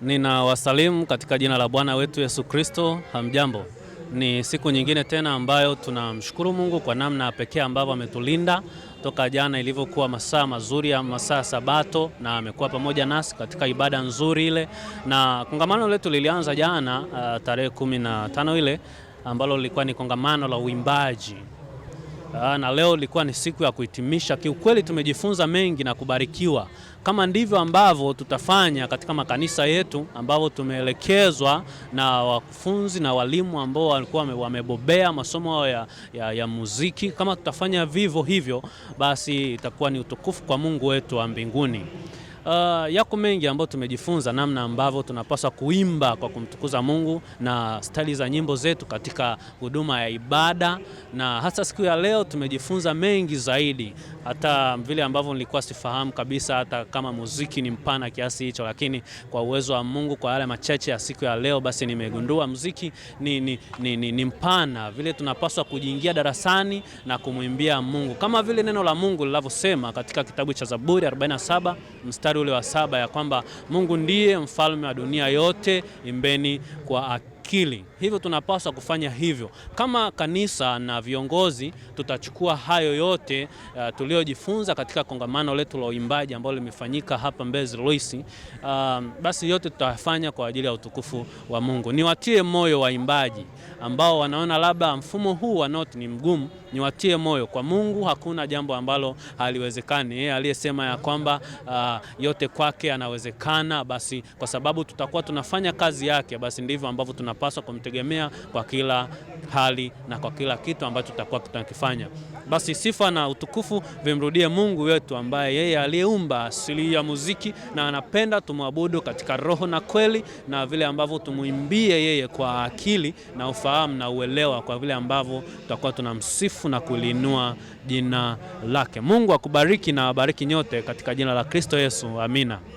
nina wasalimu katika jina la Bwana wetu Yesu Kristo. Hamjambo. Ni siku nyingine tena ambayo tunamshukuru Mungu kwa namna pekee ambavyo ametulinda toka jana ilivyokuwa masaa mazuri ya masaa Sabato, na amekuwa pamoja nasi katika ibada nzuri ile, na kongamano letu lilianza jana uh, tarehe kumi na tano ile ambalo lilikuwa ni kongamano la uimbaji Ah, na leo ilikuwa ni siku ya kuhitimisha. Kiukweli tumejifunza mengi na kubarikiwa, kama ndivyo ambavyo tutafanya katika makanisa yetu ambavyo tumeelekezwa na wakufunzi na walimu ambao walikuwa wamebobea masomo hayo ya, ya, ya muziki. Kama tutafanya vivyo hivyo, basi itakuwa ni utukufu kwa Mungu wetu wa mbinguni. Uh, yako mengi ambayo tumejifunza namna ambavyo tunapaswa kuimba kwa kumtukuza Mungu na stali za nyimbo zetu katika huduma ya ibada, na hasa siku ya leo tumejifunza mengi zaidi hata vile ambavyo nilikuwa sifahamu kabisa, hata kama muziki ni mpana kiasi hicho, lakini kwa uwezo wa Mungu, kwa yale machache ya siku ya leo, basi nimegundua muziki ni, ni, ni, ni, ni mpana, vile tunapaswa kujiingia darasani na kumwimbia Mungu kama vile neno la Mungu linavyosema katika kitabu cha Zaburi 47 mstari ule wa saba ya kwamba Mungu ndiye mfalme wa dunia yote, imbeni kwa akili. Hivyo tunapaswa kufanya hivyo kama kanisa na viongozi, tutachukua hayo yote uh, tuliyojifunza katika kongamano letu la uimbaji ambalo limefanyika hapa Mbezi Luis. Uh, basi yote tutafanya kwa ajili ya utukufu wa Mungu. Niwatie moyo waimbaji ambao wanaona labda mfumo huu wa noti ni mgumu, niwatie moyo kwa Mungu hakuna jambo ambalo haliwezekani. Yeye aliyesema ya kwamba uh, yote kwake anawezekana, basi kwa sababu tutakuwa tunafanya kazi yake, basi ndivyo ambavyo tuna tunapaswa kumtegemea kwa kila hali na kwa kila kitu ambacho tutakuwa tunakifanya. Basi sifa na utukufu vimrudie Mungu wetu ambaye yeye aliyeumba asili ya muziki na anapenda tumwabudu katika roho na kweli, na vile ambavyo tumwimbie yeye kwa akili na ufahamu na uelewa, kwa vile ambavyo tutakuwa tunamsifu na kuliinua jina lake. Mungu akubariki na abariki nyote katika jina la Kristo Yesu, amina.